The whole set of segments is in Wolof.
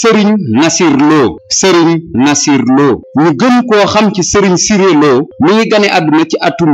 sëriñ Nasir Lo sëriñ Nasir ñu gën koo xam ci sëriñ Siré Lo mi ngi gane àdduna ci atum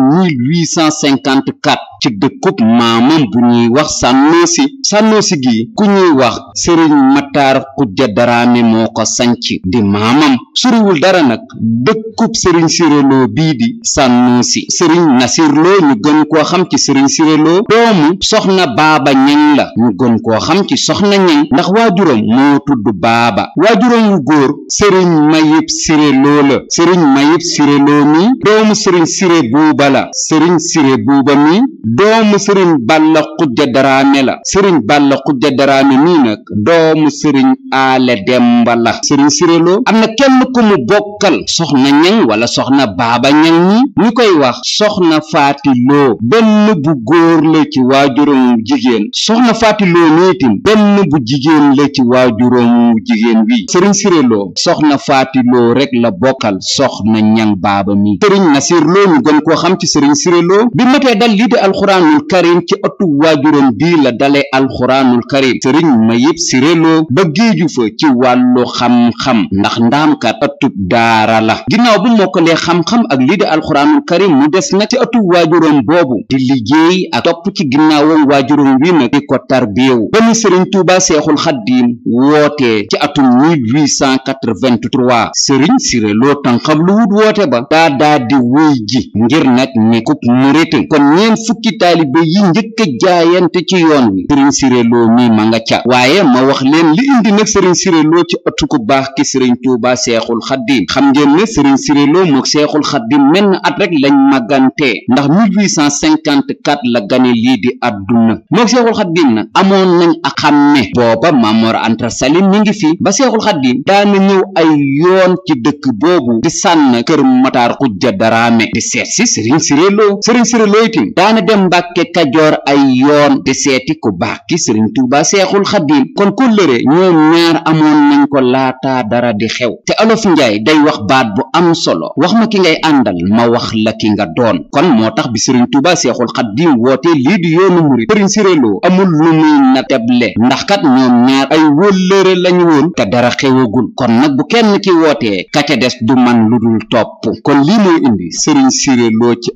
1854 ci dëkkub maamam bu ñuy wax sànnoosi sànnoosi gi ku ñuy wax sëriñ mataar xujja daraame moo ko sanc di maamam suriwul dara nag dëkkub sëriñ siréloo bii di sànnoosi sëriñ nasirloo ñu gën koo xam ci sëriñ siréloo doomu soxna baaba ñaŋ la ñu gën koo xam ci soxna ñaŋ ndax waajuram moo tudd baaba waajuram wu góor sëriñ mayib siréloo la sëriñ mayib siréloo mi doomu sëriñ siré buuba la sëriñ siré buuba mi doomu sëriñ Balla Xujja Daraame la sëriñ Balla Xujja Daraame nii nag doomu sëriñ Aale Demba la sëriñ Siréloo am na kenn ko mu bokkal soxna ñaŋ wala soxna baaba ñaŋ ñi ñu koy wax soxna Faati Loo benn bu góor la ci waajuram jigéen soxna Faati Loo niitim benn bu jigéen la ci waajuram jigéen wi sëriñ Siréloo soxna Faati Loo rek la bokkal soxna ñaŋ baaba mi sëriñ Nasiir ñu gën koo xam ci sëriñ Siréloo bi matee dal lii de alxuraanul karim ci ëttu waajuram bii la dalee alxuraanul karim sëriñ mayib siréloo ba géeju fa ci wàllu xam-xam ndax ndaamkat ëttub daara la ginnaaw bu mokkalee xam-xam ak lii di alxuraanul karim mu des na ci ëttu waajuram boobu di liggéey ak topp ci ginnaawam waajuram wi nag di ko tarbiyewu ba ni sëriñ tuuba seexul xaddiim woote ci atum 1883 sëriñ siréloo tànxam lu wut woote ba daa di wuy ji ngir nag nekkub murite kon ñeen fukk fukki taalibe yi njëkk a jaayante ci yoon wi sëriñ Siré Lo ma nga ca waaye ma wax leen li indi nag sëriñ Siré Lo ci ëttu ku baax ki sëriñ Tuuba Seexul Xaddim xam ngeen ne sëriñ Siré Lo mook Seexul Xaddim menn at rek lañ magante ndax 1854 la gane lii di àdduna mook Seexul Xaddim nag amoon nañ a xam ne booba Mamor Anta Sali mi ngi fi ba Seexul Xaddim daana ñëw ay yoon ci dëkk boobu di na kër Mataar Xujja Daraame di seet si sëriñ Siré sëriñ Siré dem mbàkke kajoor ay yoon di seeti ku baax ki sëriñ tuuba seexul xaddiim kon kóllëre ñoom ñaar amoon nañ ko laata dara di xew te olof njaay day wax baat bu am solo wax ma ki ngay àndal ma wax la ki nga doon kon moo tax bi sëriñ tuuba seexul xaddiim woote lii di yoonu murit sëriñ siréloo amul lu muy na teble ndax kat ñoom ñaar ay wóllëre lañu woon te dara xewagul kon nag bu kenn ki wootee ka ca des du man lu dul topp kon lii mooy indi sëriñ siréloo ci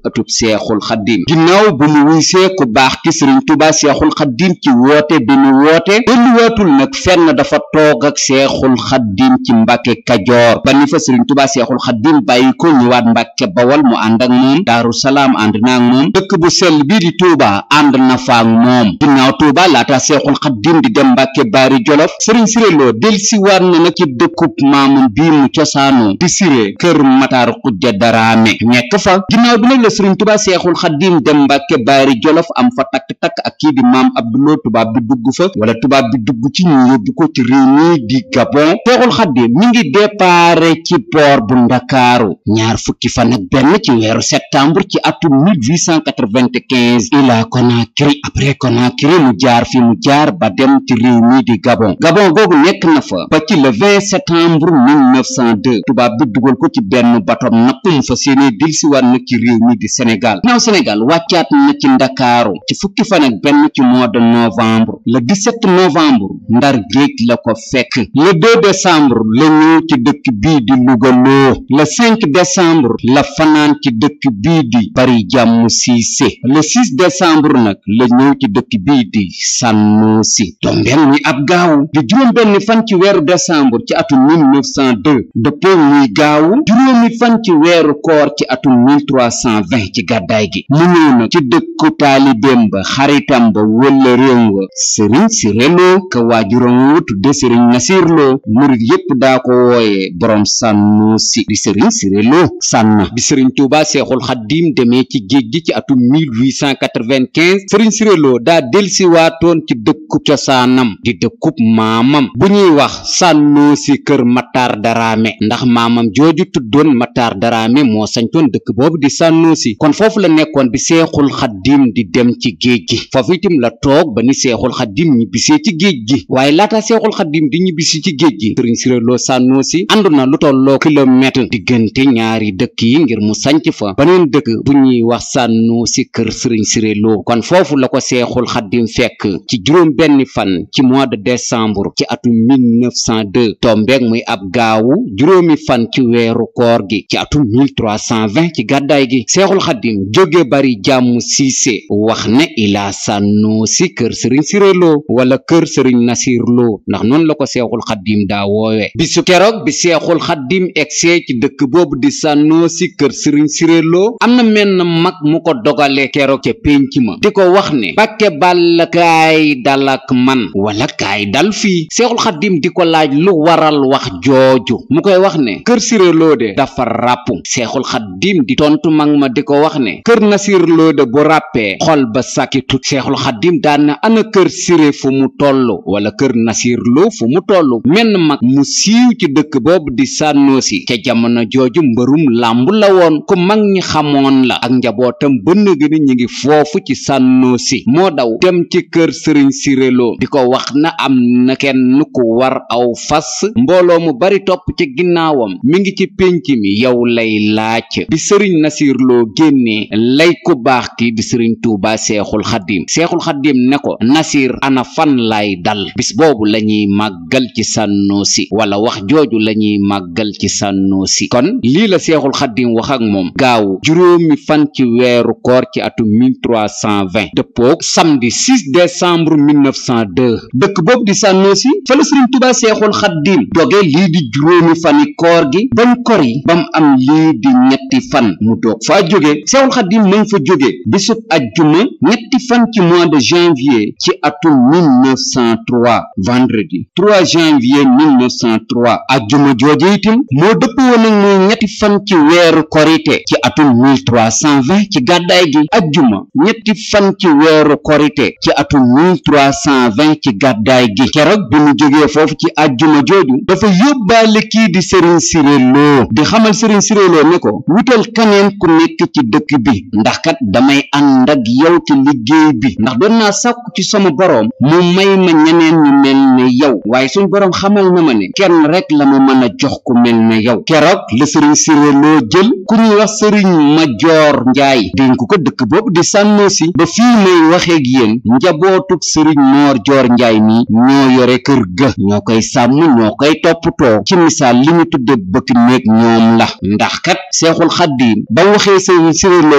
mu wuysee ku baax ki sëriñ tubaa seexul xaddiim ci woote bi mu woote delluwaatul nag fenn dafa toog ak seexul xaddiim ci mbàkke kajoor ba ni fa sëriñ tubaa seexul xaddiim bàyyi ko ñëwaat mbàkke bawal mu ànd ak moom daaru salaam ànd na moom dëkk bu sell bii di tuubaa ànd na fa ak moom ginnaaw tuubaa laata seexul xaddiim di dem mbàkke baari jolof sëriñ siré loo del siwaat na nag ci dëkkub maamam bii mu cosaanoo di siré kër mataar xujja daraame nekk fa ginnaaw bi jóge Bayeri Jolof am fa takk-takk ak kii di maam Abdoulou tubaab bi dugg fa wala tubaab bi dugg ci ñu yóbbu ko ci réew mi di Gabon Seexul Xadiim mi ngi déparé ci port bu Ndakaaru ñaar fukki fan ak benn ci weeru septembre ci atum 1895 ila Conakry après Conakry mu jaar fi mu jaar ba dem ci réew mi di Gabon Gabon googu nekk na fa ba ci le 20 septembre 1902 tubaab bi dugal ko ci benn batom napp mu fa séenee dil si wànn ci réew mi di Sénégal naaw Sénégal na ci ndakaaru ci fukki fan ak benn ci mois de novembre le 17 novembre ndar géej la ko fekk le 2 décembre la ñëw ci dëkk bii di Louga loo le 5 décembre la fanaan ci dëkk bi di bari jàmm siise le 6 décembre nag la ñëw ci dëkk bii di sànnoosi tombeel ni ab gaawu juróom benn fan ci weeru décembre ci atum 1902 dëppoo muy gaawu juróomi fan ci weeru koor ci atum 1320 ci gàddaay gi mu ñëw nag ci dëkku taalibeem ba xaritam ba wëlla réew wa sëriñ Siré Lo ka waajuram wu tudde sëriñ Nasir Lo yépp daa ko wooye boroom Sanusi di sëriñ Siré Lo Sànna bi sëriñ Tuuba Seexul Xaddiim demee ci géej gi ci atum 1895 sëriñ Siré Lo daa delsi waatoon ci dëkkub cosaanam di dëkkub maamam bu ñuy wax Sanusi kër Matar Daraame ndax maamam jooju tuddoon Matar Daraame moo sañtoon dëkk boobu di Sanusi kon foofu la nekkoon bi Seexul Xaddiim xaddim di dem ci géej gi foofu itam la toog ba ni seexul xaddim ñibbisee ci géej gi waaye laata seexul xaddim di ñibbisi ci géej gi sëriñ Siré Lo Sanusi ànd na lu tolloo kilomètre diggante ñaari dëkk yi ngir mu sanc fa beneen dëkk bu ñuy wax si kër sëriñ Siré loo kon foofu la ko seexul xaddim fekk ci juróom benn fan ci mois de décembre ci atum 1902 tombeeg muy ab gaawu juróomi fan ci weeru koor gi ci atum 1320 ci gàddaay gi seexul xaddim jóge bari Cissé wax ne ilaa sànnoo si kër sëriñ Siré Lo wala kër sëriñ Nasir Lo ndax noonu la ko seexul xaddiim daa woowe bisu keroog bi seexul xaddiim egsee ci dëkk boobu di sànnoo si kër sëriñ sireloo am na menn mag mu ko dogale keroog ca pénc ma di ko wax ne Mbàkke Bàlla kaay dal ak man wala kaay dal fii seexul xaddiim di ko laaj lu waral wax jooju mu koy wax ne kër Siré de dafa ràpp seexul xaddiim di tontu ma di ko wax ne kër Nasir de bu ràppee xol ba sàkkitut seexul xaddim daan na ana kër siré fu mu toll wala kër nasir lo fu mu toll menn mag mu siiw ci dëkk boobu di sànnoosi ca jamono jooju mbërum làmb la woon ku mag ñi xamoon la ak njabootam bënn gëni ñi ngi foofu ci sànnoosi moo daw dem ci kër sëriñ siré di ko wax na am na kenn ku war aw fas mbooloo mu bari topp ci ginnaawam mi ngi ci pénc mi yow lay laaj bi sëriñ nasir loo génnee lay ku baax ki lii di sëriñ tuuba seexul xaddiim seexul xaddiim ne ko nasir ana fan laay dal bis boobu la ñuy màggal ci sànnoosi wala wax jooju la ñuy màggal ci sànnoosi kon lii la seexul xaddiim wax ak moom gaaw juróomi fan ci weeru koor ci atum 1320 dëppook samedi 6 décembre 1902 dëkk boobu di sànnoosi fa la sëriñ tuuba seexul xaddiim doge lii di juróomi fani koor gi bañ kor bam am lii di ñetti fan mu doog faa jóge seexul xaddiim nañ fa jóge bisub ajjuma ñetti fan ci mois de janvier ci atum 1903 vendredi 3 janvier 1903 ajjuma jooje itam moo dëpp woon ak mooy ñetti fan ci weeru korite ci atum 1320 ci gàddaay gi ajjuma ñetti fan ci weeru korite ci atum 1320 ci gàddaay gi keroog bi mu jógee foofu ci ajjuma jooju dafa yóbbaale kii di Serigne Siré di xamal Serigne Siré Lo wutal kaneen ku nekk ci dëkk bi ndax kat damay ànd ak yow ci liggéey bi ndax doon naa sàkku ci sama boroom mu may ma ñeneen ñu mel ne yow waaye suñ boroom xamal na ma ne kenn rek la ma mën a jox ku mel ne yow keroog la sëriñ Siré Lo jël ku ñuy wax sëriñ Majoor Njaay dénku ko dëkk boobu di Sànnoosi ba fii may waxeeg yéen njabootug sëriñ Moor Joor Njaay mi ñoo yore kër ga ñoo koy sàmm ñoo koy toppatoo ci misaal li ñu tudde bëkk néeg ñoom la ndax kat Seexul Xaddiim ba waxee sëriñ Siré Lo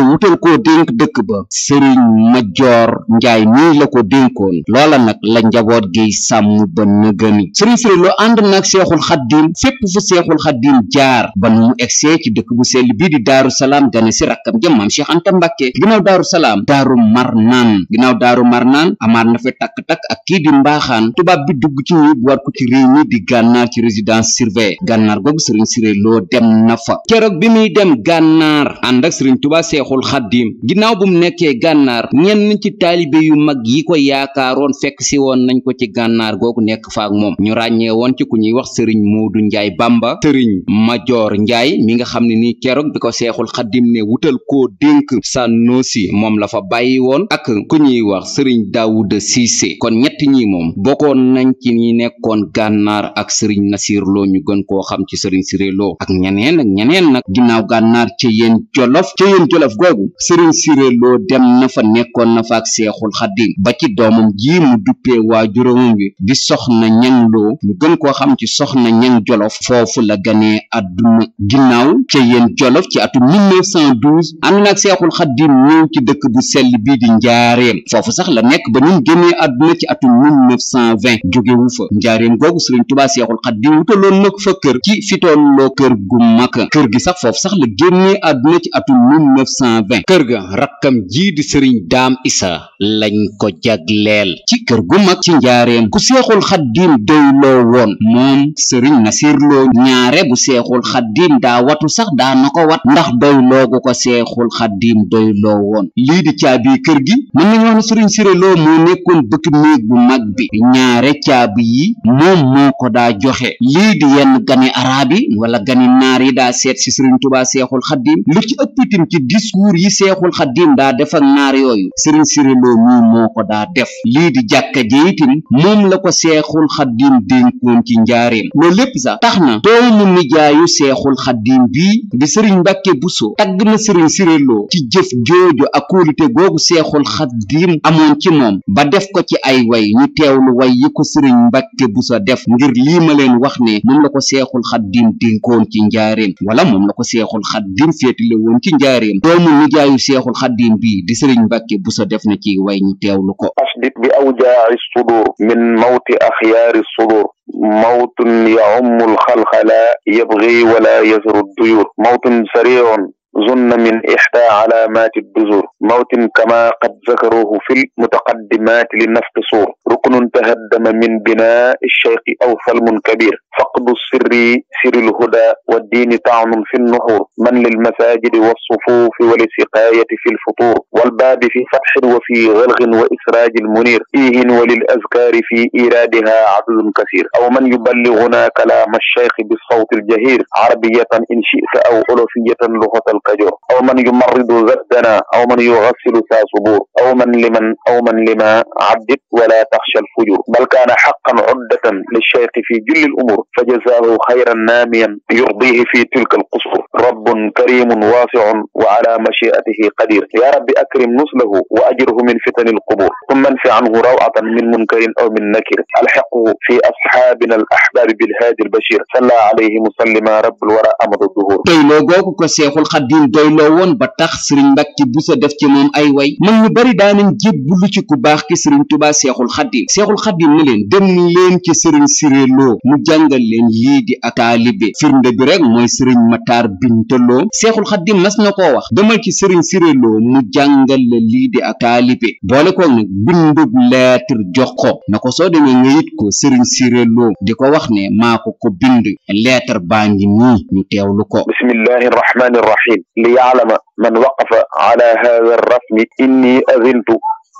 dëkk ba sëriñ Majoor Njaay nii la ko dénkoon loola nag la njaboot gi sàmm ba nëgëni sëriñ sëriñ loo ànd nag seexul xaddiim fépp fu seexul xaddiim jaar ba nu mu egsee ci dëkk bu sell bii di daaru salaam gane si rakkam ja maam Cheikh Anta Mbàkke ginnaaw daaru salaam daaru marnaan ginnaaw daaru marnaan amaat na fa takk-takk ak kii di mbaaxaan tubaab bi dugg ci ñuy bu war ko ci réew mi di gànnaar ci résidence surveillée gànnaar googu sëriñ sëriñ loo dem na fa keroog bi muy dem gànnaar ànd ak sëriñ Tuubaa seexul xaddiim ginnaaw bu mu nekkee gànnaar ñenn ci taalibe yu mag yi ko yaakaaroon fekk si woon nañ ko ci gànnaar googu nekk faak moom ñu ràññee woon ci ku ñuy wax sëriñ Moodu Njaay Bamba sëriñ Majoor Njaay mi nga xam ne ni keroog bi ko seexul xadim ne wutal koo dénk Sanosi moom la fa bàyyi woon ak ku ñuy wax sëriñ Daawuda Siise kon ñett ñi moom bokkoon nañ ci ñi nekkoon gànnaar ak sëriñ Nasir Lo ñu gën koo xam ci sëriñ Siré Lo ak ñeneen ak ñeneen nag ginnaaw gànnaar ci yéen jolof loo dem na fa nekkoon na fa ak seexul xaddim ba ci doomam ji mu duppee waajuram wi di soxna ñang loo ñu gën koo xam ci soxna ñang jolof foofu la ganee àdduna ginnaaw ca yéen jolof ci atum 1912 ànd na ak seexul xaddim ñëw ci dëkk bu sell bii di njaareem foofu sax la nekk ba nun génnee àdduna ci atum 1920 jógewu fa njaareem googu sëriñ tubaa seexul xaddim wutaloon nag fa kër ci fitoonloo kër gu mag kër gi sax foofu sax la génnee àdduna ci atum 1920 kër ga rakk rakkam ji di sëriñ daam isa lañ ko jagleel ci kër gu mag ci njaareem ku seexul xaddiim doyloo woon moom sëriñ Nasir Lo ñaare bu seexul xaddiim daa watu sax daa na ko wat ndax doyloo gu ko seexul xaddiim doyloo woon lii di caabi kër gi mën nañoo ne sëriñ Siré moo nekkoon bëkk néeg bu mag bi ñaare caabi yi moom moo ko daa joxe lii di yenn gani araab yi wala gani naar yi daa seet ci sëriñ Tuubaa seexul xaddiim lu ci ëpp itam ci discours yi seexul xaddiim da daa def naar yooyu sëriñ siréloo mii moo ko daa def lii di jàkka ji itam moom la ko seexul xaddiim dénkoon ci njaareem loolu lépp sax tax na doomu nijaayu seexul xaddiim bii di sëriñ mbàkke buso tagg na sëriñ siréloo ci jëf jooju ak kóolute googu seexul xaddiim amoon ci moom ba def ko ci ay way ñu teewlu way yi ko sëriñ mbàkke buso def ngir lii ma leen wax ne moom la ko seexul xaddiim dénkoon ci njaareem wala moom la ko seexul xaddiim féetale xadim bi di sëriñ mbàkke bu sa def na ci way ñu teewlu ko asdit bi awjaa'i sudur min mawti axyaari sudur mawtun yaumul xalxala yabgi wala yasru duyur mawtun sariun zunna min ixda alaamati duzur mawtin kama qad zakaruhu fil mutaqaddimaati li nafqi suur ruknun tahaddama min binaa sheyqi aw falmun kabir faqdu sirri siril huda wa diini taanun fi nuxur man lil masaajidi wa sufuufi wa lisiqaayati fi lfutuur walbaabi fi fatxin wa fi galxin wa israajin muniir fiihin wa lil azkaari fi iraadiha adadun kasir aw man yuballiguna kalaama sheyqi bisawti aljahir arabiyatan in shita aw olofiyatan luxatal kajoor aw man yu marridu zaddana aw man yugassilu saa subuur aw man liman aw man lima addit wala taxsha alfujur bal kaana xaqan uddatan lilcheikhi fi julli al umuur fa jazaahu xayran naamiyan yurdihi fi tilka alqusur rabbun karimun waasiun wa ala machiatihi qadir yaa rabbi akrim nuslahu wa ajirhu min fitani alqubur summa anfi anhu rawatan min munkarin aw min nakir alxaqu fi asxaabina al ahbaabi bilhaadi albachir salla alayhi musallima rabbul wara amadu duhur doyloo googu ko seexul xaddiim doyloo woon ba tax sëriñ mbàkke buso def ci moom ay way mag ñu bari daanañ jébbalu ci ku baax ki sëriñ tubaa seexul xaddiim seexul xaddiim ne leen dem leen ci sëriñ siréloo mu jàngal leen lii di ak taalibe firnde bi rek mooy sëriñ mataar bi sëriñ tëlloo seexul xaddim mas na ko wax demal ci sëriñ siréloo mu jàngal la lii di ak taalibe boole ko nag bindub lettre jox ko na ko soo demee nga yit ko sëriñ siréloo di ko wax ne maa ko ko bind lettre baa ngi nii ñu teewlu ko bismillahi arrahmani arrahim li yaalama man waqafa ala hada arrafni inni azintu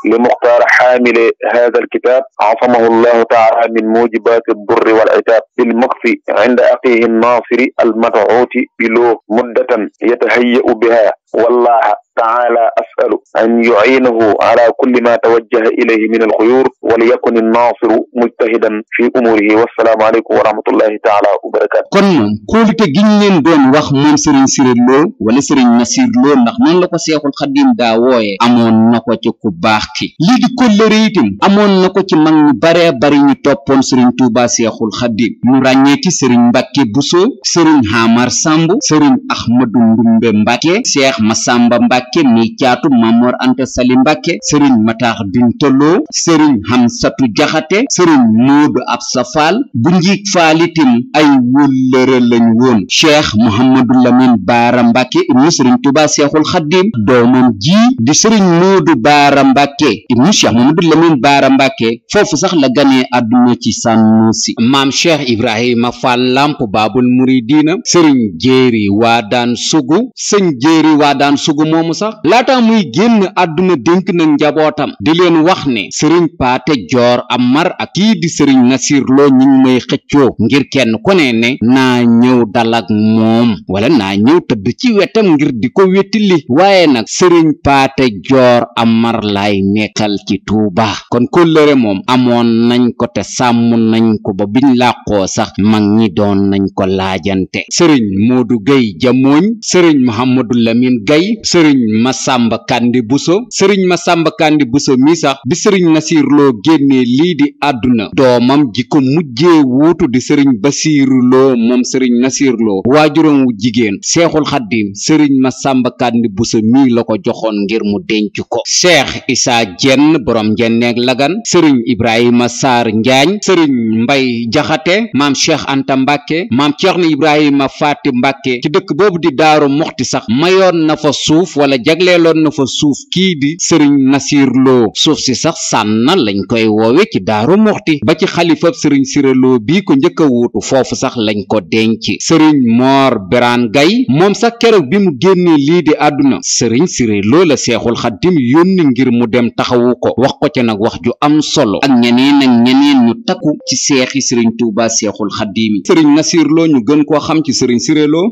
لمختار حامل هذا الكتاب عصمه الله تعالى من موجبات الضر والعتاب بالمقص عند أخيه الناصر المدعوت بلوغ مدة يتهيأ بها والله تعالى أسأل أن يعينه على كل ما توجه إليه من الخيور وليكن الناصر مجتهدا في أموره والسلام عليكم ورحمة الله تعالى وبركاته kon kóolute giñ leen doon wax moom Serigne Siré Lo wala Serigne Nasir Lo ndax noonu la ko Seexul Xadiim daa wooye amoon na ko ci ku baax ki lii di kóllëre itam amoon na ko ci mag ñu baree bari ñu toppoon Serigne Touba Seexul Xadiim ñu ràññee ci Serigne Mbacke Bousso Serigne Hamar Samb Serigne Ahmadou Ndumbe Mbacke Cheikh cheikh masamba mbàkke mi caatu mamor anta sali mbàkke sëriñ mataax bintaloo sëriñ xamsatu jaxate sëriñ moodu absa faal bu njiig faalitim ay wóllëre lañ woon cheikh mohammadu lamin baara mbàkke ibnu sëriñ tuba seexul xaddim doomam ji di sëriñ moodu baara mbàkke ibnu cheikh mohammadu lamin baara mbàkke foofu sax la ganee àdduna ci sànnuusi maam cheikh ibrahima faal lamp baabul muridiina sëriñ jéeri waa daan sugu sëñ jéeri waa Touba daan sugu moomu sax laata muy génn àdduna dénk na njabootam di leen wax ne sëriñ paate joor mar ak kii di sëriñ Nasir loo ñu ngi may xëccoo ngir kenn ku ne ne naa ñëw dal moom wala naa ñëw tëdd ci wetam ngir di ko wéttili waaye nag sëriñ paate joor mar lay nekkal ci Touba kon kóllëre moom amoon nañ ko te sàmm nañ ko ba biñ làqoo sax mag ñi doon nañ ko laajante sëriñ Modou Gueye Jamooñ sëriñ Mouhamadou Lamine Assane Gaye sëriñ Masamba Kandi Bousso sëriñ Masamba Kandi Bousso mi sax bi sëriñ Nasir Lo génnee lii di àdduna doomam ji ko mujjee wuutu di sëriñ Basiiru Lo moom sëriñ Nasir Lo waajuram wu jigéen Seexul Xaddim sëriñ Masamba Kandi Bousso mi la ko joxoon ngir mu denc ko Cheikh isaa Dieng borom Njenneeg Lagan sëriñ Ibrahima Sarr Njaañ sëriñ Mbay Jaxate maam Cheikh Anta Mbàkke maam Ceerno Ibrahima Faati Mbàkke ci dëkk boobu di Daaru Muxti sax mayoon na fa suuf wala jagleeloon na fa suuf kii di sëriñ Nasir Lo suuf si sax sànna lañ koy woowe ci daaru muxti ba ci xalifab sëriñ Siré bii ko njëkk a wuutu foofu sax lañ ko denc sëriñ moor Birane gay moom sax keroog bi mu génnee lii di àdduna sëriñ Siré Lo la seexul xaddim yónni ngir mu dem taxawu ko wax ko ca nag wax ju am solo ak ñeneen ak ñeneen ñu takku ci seexi sëriñ Touba seexul xaddim yi sëriñ Nasir Lo ñu gën koo xam ci sëriñ Siré Lo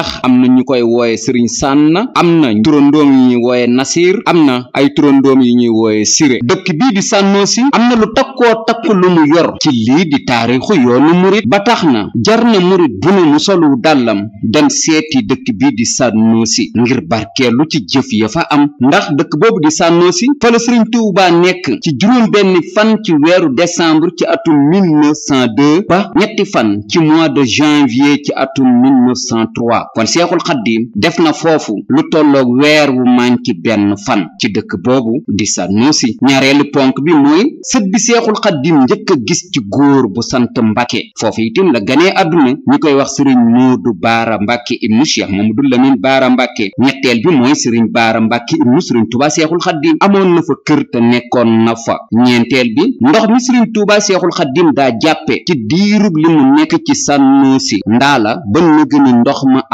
ndax am na ñu koy wooye sëriñ sànn am na turandoom yi ñuy wooye nasiir am na ay turandoom yi ñuy wooye siré dëkk bii di sànnoosi am na lu takkoo takk lu mu yor ci lii di taarixu yoonu murit ba tax na jar na murit bu ne mu solu dàllam dem seeti dëkk bii di sànnoosi ngir barkeelu ci jëf ya fa am ndax dëkk boobu di sànnoosi fa la sëriñ Tuubaa nekk ci juróom benn fan ci weeru décembre ci atum 1902 ba ñetti fan ci mois de janvier ci atum 1903 kon seexul xaddiim def na foofu lu tolloog weer wu manki benn fan ci dëkk boobu di Sanusi ñaareelu ponk bi mooy sët bi seexul xaddiim njëkk a gis ci góor bu sant Mbàkke foofu itam la ganee àdduna ñu koy wax sëriñ Moodu Baara Mbàkke ibnu Cheikh Mamadou Lamine Baara Mbàkke ñetteel bi mooy sëriñ Baara Mbàkke ibnu sëriñ Tuubaa seexul xaddiim amoon na fa kër te nekkoon na fa ñeenteel bi ndox mi sëriñ Tuubaa seexul xaddiim daa jàppe ci diirub li mu ci Sanusi ndaa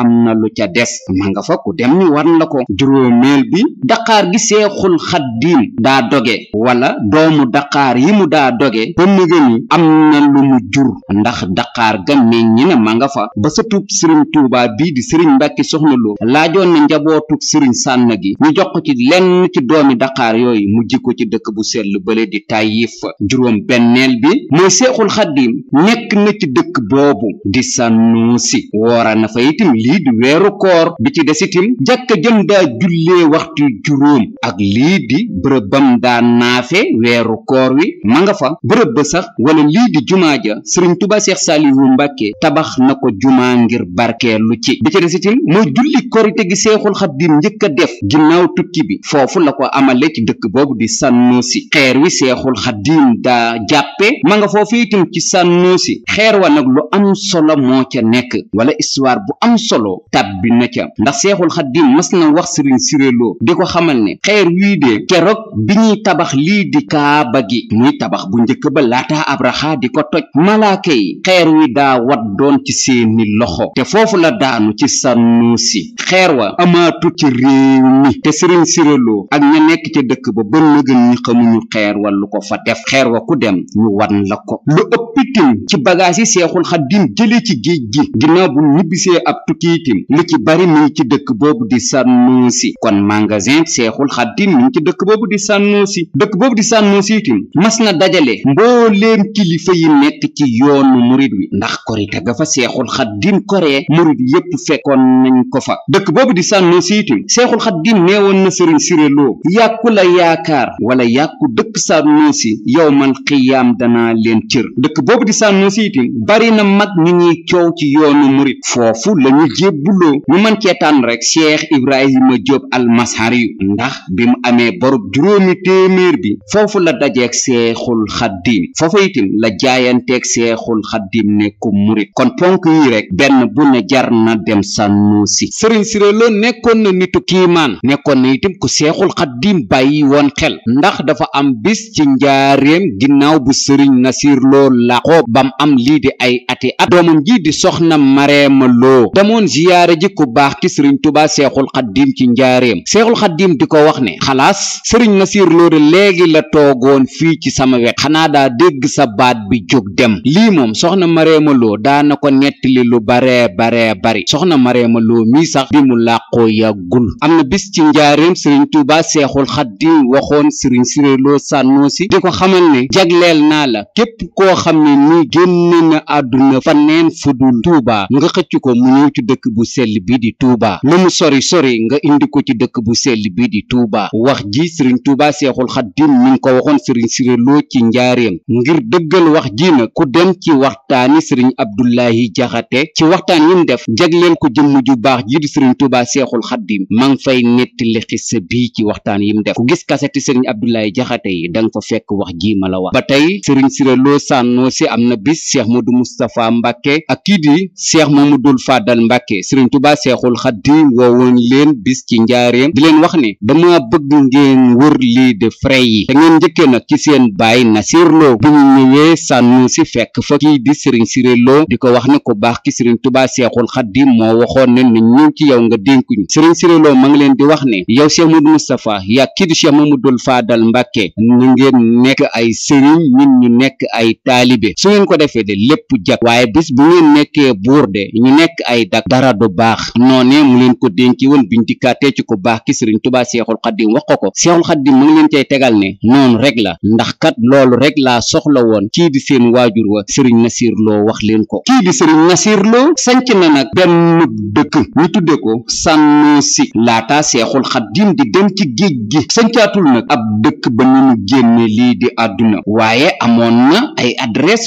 am na lu ca des ma nga fa ku dem ñu war la ko juróomeel bi daqaar gi seexul xaddiim daa doge wala doomu daqaar yi mu daa doge ba nëgëni am na lu mu jur ndax daqaar ga meññi na ma nga fa ba sa tub sëriñ tuubaa bii di sëriñ mbàkki soxna loo laajoon na njabootu sëriñ sànn gi ñu jox ko ci lenn ci doomi daqaar yooyu mu jikko ci dëkk bu sell bële di tàyyif juróom benneel bi mooy seexul xaddiim nekk na ci dëkk boobu di sanuusi woora na fa itam lii di weeru koor bi ci des itim jàkka jëm daa jullee waxtu juróom ak lii di bërëb bam daa naafe weeru koor wi ma nga fa bërëb ba sax wala lii di jumaa ja sëriñ tuba seex wu mbàkke tabax na ko jumaa ngir barkeelu ci bi ci des itim mooy julli korite gi seexul xaddim njëkk a def ginnaaw tukki bi foofu la ko amale ci dëkk boobu di si xeer wi seexul xaddim daa jàppe ma nga foofu itim ci si xeer wa nag lu am solo moo ca nekk solo tàbbi na ca ndax seexul xat xaddim mas na wax sëriñ siréloo di ko xamal ne xeer wii de keroog bi ñuy tabax lii di kaaba gi muy tabax bu njëkk ba laataa abraha di ko toj malaaka yi xeer wi daa wat doon ci seeni loxo te foofu la daanu ci si xeer wa amaatu ci réew mi te sëriñ siréloo ak ña nekk ca dëkk ba ba nëgën xamuñu xeer wa lu ko fa def xeer wa ku dem ñu wan la ko lu ëpp itam ci bagage yi seexul xaddim jëlee ci géej gi ginnaaw bu ñibbisee ab tukki itam li ci bari mi ci dëkk boobu di sànnoosi kon magasin seexul xaddin mi ci dëkk boobu di sànnoosi dëkk boobu di sànnoosi itam mas na dajale mbooleem kilifa yi nekk ci yoon murit wi ndax korite ga fa seexul xaddim koree murit yépp fekkoon nañ ko fa dëkk boobu di sànnoosi itam seexul xaddim neewoon na sëriñ siréloo yàkku la yaakaar wala yàkku dëkk sànnoosi yow man xiyaam danaa leen cër dëkk boobu di sànnu siitim bari na mag ñi ñuy coow ci yoonu murit foofu la ñu jébbuloo ñu mën cee tànn rek Cheikh Ibrahima Diop almashari ndax bi mu amee borub juróomi téeméer bi foofu la dajeeg seexul xaddiim foofa itim la jaayanteeg seexul xaddiim nekku murit kon ponk yi rek benn bu ne jar na dem sànnu si sëriñ Siré Lo nekkoon na nitu kiimaan nekkoon na itim ku seexul xaddiim bàyyi woon xel ndax dafa am bis ci njaareem ginnaaw bu sëriñ Nasir Lo yàqoob bam am lii di ay ati at doomam ji di soxna mareema loo damoon ziyaare ji ku baax ki sëriñ tubaa seexul xaddiim ci njaareem seexul xaddiim di ko wax ne xalaas sëriñ nasiir loo de léegi la toogoon fii ci sama wet xanaa daa dégg sa baat bi jóg dem lii moom soxna mareema loo daana ko nettali lu bare bare bari soxna mareema loo mii sax bi mu làqoo yàggul am na bis ci njaareem sëriñ tubaa seexul xaddiim waxoon sëriñ siréloo sànnoo si di ko xamal ne Njaay mi na àdduna faneen fu dul Tuuba nga xëcc ko mu ñëw ci dëkk bu sell bi di Tuuba lu mu sori sori nga indi ko ci dëkk bu sell bi di Tuuba wax ji Sëriñ Tuuba Seexul Xaddim mi ko waxoon Sëriñ Siré Lo ci njaareem ngir dëggal wax ji na ku dem ci waxtaani Sëriñ Abdullahi Jaxate ci waxtaan yim def jagleel ko jëmm ju baax ji di Sëriñ Tuuba Seexul Xaddim ma ngi fay nettali xissa bii ci waxtaan yim def ku gis kaseti Sëriñ Abdullahi Jaxate yi dang fa fekk wax ji la ci am na bis cheikh Modou Moustapha Mbacke ak kii seex cheikh Mamadou Fadal Mbacke Serigne Touba Cheikhul Khadim woowoon leen bis ci njaareem di leen wax ni dama bëgg ngeen wër lii de frais yi te ngeen njëkkee nag ci seen bay na Lo bi ñu ñëwee sànnu si fek fa kii di Serigne Siré Lo di ko wax ne ko baax ki Serigne Touba Cheikhul Khadim moo waxoon ne ni ñëw ci yow nga dénkuñu Serigne Siré Lo ma ngi di wax ne yow cheikh Modou Moustapha yaa kii di cheikh Mamadou Fadal Mbacke ñu ngeen nekk ay sëriñ su ngeen ko defee de lépp jag waaye bis bu ngeen nekkee buur de ñu nekk ay dag dara du baax noonee mu leen ko dénki woon biñ dikkaatee ci ko baax ki sëriñ tubaa seexul xaddim wax ko ko seexul xaddim mu ngi leen cay tegal ne noonu rek la ndax kat loolu rek laa soxla woon kii di seen waajur wa sëriñ Nasir Lo wax leen ko kii di sëriñ Nasir Lo sanc na nag benn dëkk ñu tudde ko Sanosi laata seexul xaddim di dem ci géej gi sancaatul nag ab dëkk ba ñu lii di àdduna waaye amoon na ay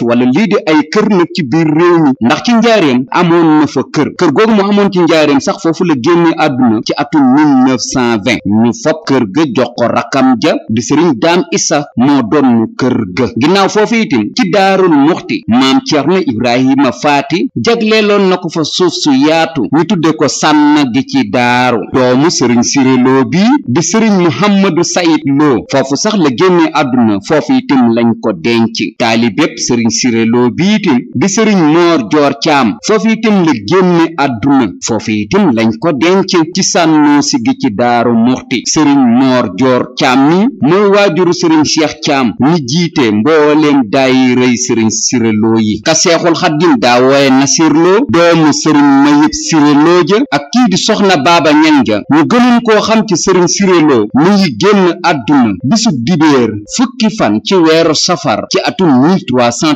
wala lii di ay kër nag ci biir réew mi ndax ci njaareem amoon na fa kër kër googu moo amoon ci njaareem sax foofu la génne àdduna ci atum 1920 ñu fop kër ga jox ko rakam ja di sëriñ daam isa moo doon kër ga ginnaaw foofu itam ci daarul muxti maam Cerno Ibrahima Faati jagleeloon na ko fa suuf su yaatu ñu tuddee ko sànna gi ci daaru doomu sëriñ Siré Lo bi di sëriñ Muhammadu Sayid Lo foofu sax la génne àdduna foofu itam lañ ko denc taali bépp sëriñ Serigne Siré Lo bi itam di Serigne Mor Joor Caam foofu itam la génne àdduna foofu itam lañ ko denc ci sànnoo si ci daaru muxti Serigne Mor Joor Caam mi mooy waajuru Serigne Cheikh Caam mi jiite mbooleem daayirey Serigne Siré Lo yi ka Seexul Xaddim daa wooye Nasir doomu Serigne Mayib Siré ja ak kii di soxna Baaba Ñaŋ ja ñu gënoon koo xam ci Serigne Siré mu ngi génn àdduna bisub dibéer fukki fan ci weeru safar ci atum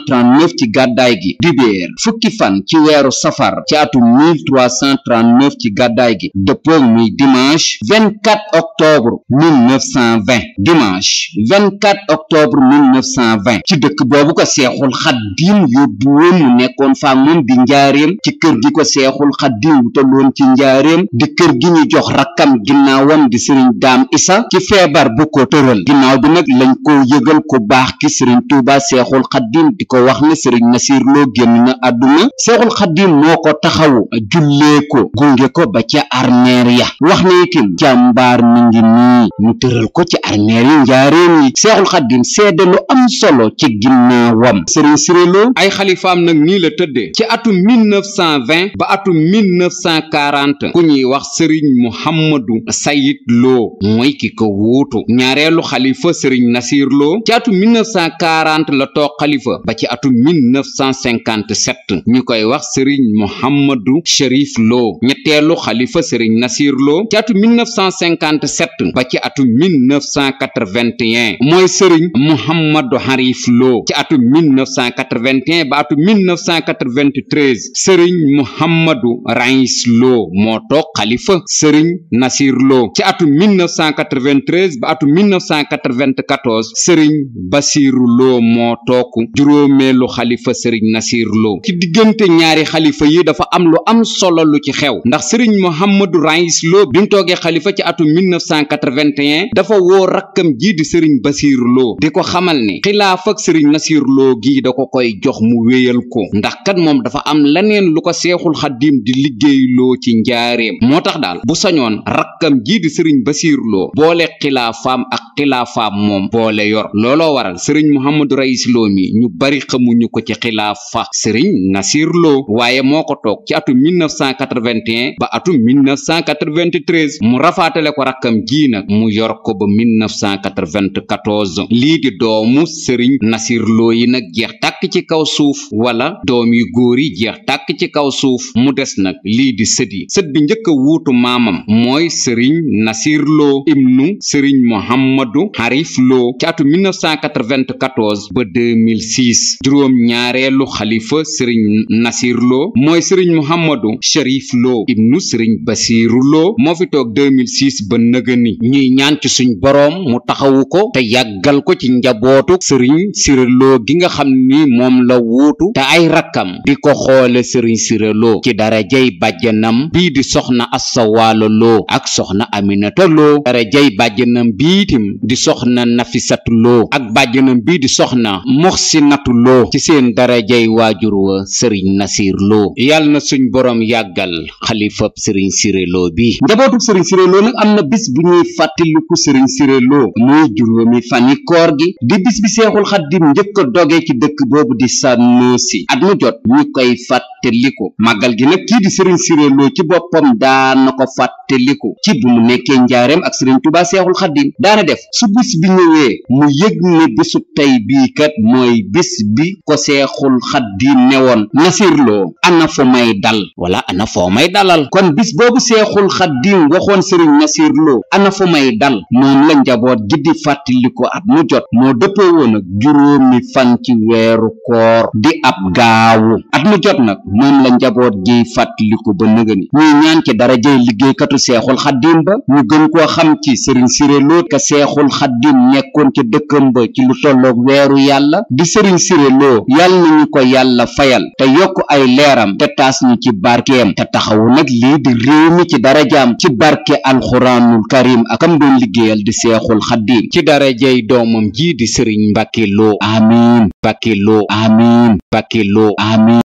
1339 ci gàddaay gi dibeer fukki fan ci weeru safar ci atu 1339 ci gàddaay gi dëppoog muy dimanche 24 octobre 1920 dimanche 24 octobre 1920 ci dëkk boobu ko seexul xaddiim yóbbu woon mu nekkoon faa moom di njaareem ci kër gi ko seexul xaddiim wutaloon ci njaareem di kër gi ñu jox rakkam ginnaawam di sëriñ daam isa ci feebar bu ko tëral ginnaaw bi nag lañ ko yëgal ko baax ki sëriñ tuuba seexul xaddiim di ko wax ne sëriñ Nasir Lo génn na àdduna seexul xaddim moo ko taxawu jullee ko gunge ko ba ca armeer ya wax ne itam jàmbaar mi ngi nii ñu tëral ko ci armeer yi njaareem yi seexul xaddim seede lu am solo ci ginnaawam sëriñ Siré Lo ay xalifaam nag nii la tëddee ci atum 1920 ba atum 1940 ku ñuy wax sëriñ Muhammadu Sayid loo mooy ki ko wuutu ñaareelu xalifa sëriñ Nasir loo ci atum 1940 la toog xalifa ba ba ci atum 1957 ñu koy wax sëriñ Mouhamadou Chérif Lo ñetteelu xalifa sëriñ Nasir Lo ci atum 1957 ba ci atum 1981 mooy sëriñ Mouhamadou Harif Lo ci atum 1981 ba atum 1993 sëriñ Mouhamadou Raïs Lo moo toog xalifa sëriñ Nasir Lo ci atum 1993 ba atum 1994 sëriñ Basiru Lo moo toog juróomeelu xalifa sëriñ Nasir Lo ci diggante ñaari xalifa yi dafa am lu am solo lu ci xew ndax sëriñ Mouhamadou Raïs Lo bi mu toogee xalifa ci atum 1981 dafa woor rakkam jii di sëriñ Basiir Lo di ko xamal ni xilaaf ak sëriñ Nasir loo gii da ko koy jox mu wéyal ko ndax kat moom dafa am laneen lu ko seexul xaddiim di liggéey loo ci njaareem moo tax daal bu sañoon rakkam jii di sëriñ Basiir loo boole xilaafaam ak xilaafaam moom boole yor looloo waral sëriñ bari xamuñu ko ci xilaafa Serigne Nasir Lo waaye moo ko toog ci atum 1981 ba atum 1993 mu rafaatale ko rakkam ji nag mu yor ko ba 1994 lii di doomu Serigne Nasir Lo yi nag jeex takk ci kaw suuf wala doom yu góor yi jeex tàkk ci kaw suuf mu des nag lii di sët yi sët bi njëkk a wuutu maamam mooy sëriñ Nasir Lo ibnu Serigne Mohamadou ci atum ba bis juróom ñaareelu xalifa sëriñ Nasir Lo mooy sëriñ Muhammadu Sharif Lo ibnu sëriñ Basiru Lo moo fi toog 2006 ba nëgëni ñuy ñaan ci suñ boroom mu taxawu ko te yàggal ko ci njabootu sëriñ Siré gi nga xam ni moom la wuutu te ay rakkam di ko xoole sëriñ Siré Lo ci darajay bàjjanam bii di soxna Assa Waalo ak soxna Aminata Lo darajay bàjjanam biitim di soxna Nafisatu ak bàjjanam bii di soxna Moxsinatu Faatu Lo ci seen darajay waajur wa sëriñ Nasir Lo yàlla na suñ boroom yàggal xalifab sëriñ Siré bi njabootu sëriñ Siré Lo nag am na bis bu ñuy fàttaliku sëriñ Siré Lo muy juróomi fani koor gi di bis bi seexul xaddim njëkk a doge ci dëkk boobu di Sanusi at mu jot ñu koy fàttaliku màggal gi nag kii di sëriñ Siré Lo ci boppam daan na ko fàttaliku ci bu mu nekkee njaareem ak sëriñ Tuubaa seexul xaddim daana def su bis bi ñëwee mu yëg ne bisu tey bii kat bi ko seexul xaddiim newoon nasirloo ana fu may dal wala ana foo may dalal kon bis boobu seexul xaddiim waxoon sëriñ nasirloo ana fu may dal moom la njaboot gi di fàttaliku at mu jot moo dëppoo woon ak juróomi fan ci weeru koor di ab gaawu at mu jot nag moom la njaboot giy fàttaliku ba nëgëni ñuy ñaan ci dara jëy liggéeykatu seexul xaddiim ba ñu gën koo xam ci sëriñ siréloo ka seexul xaddiim nekkoon ca dëkkam ba ci lu tolloog weeru yàlla Touré Lo yàlla ko yàlla fayal te yokk ay leeram te taas ñu ci barkeem te taxawu nag lii di réew mi ci darajaam ci barke alxuraanul karim akam doon liggéeyal di seexul xaddiim ci darajay doomam jii di sëriñ Mbàkke Lo amiin Mbàkke amiin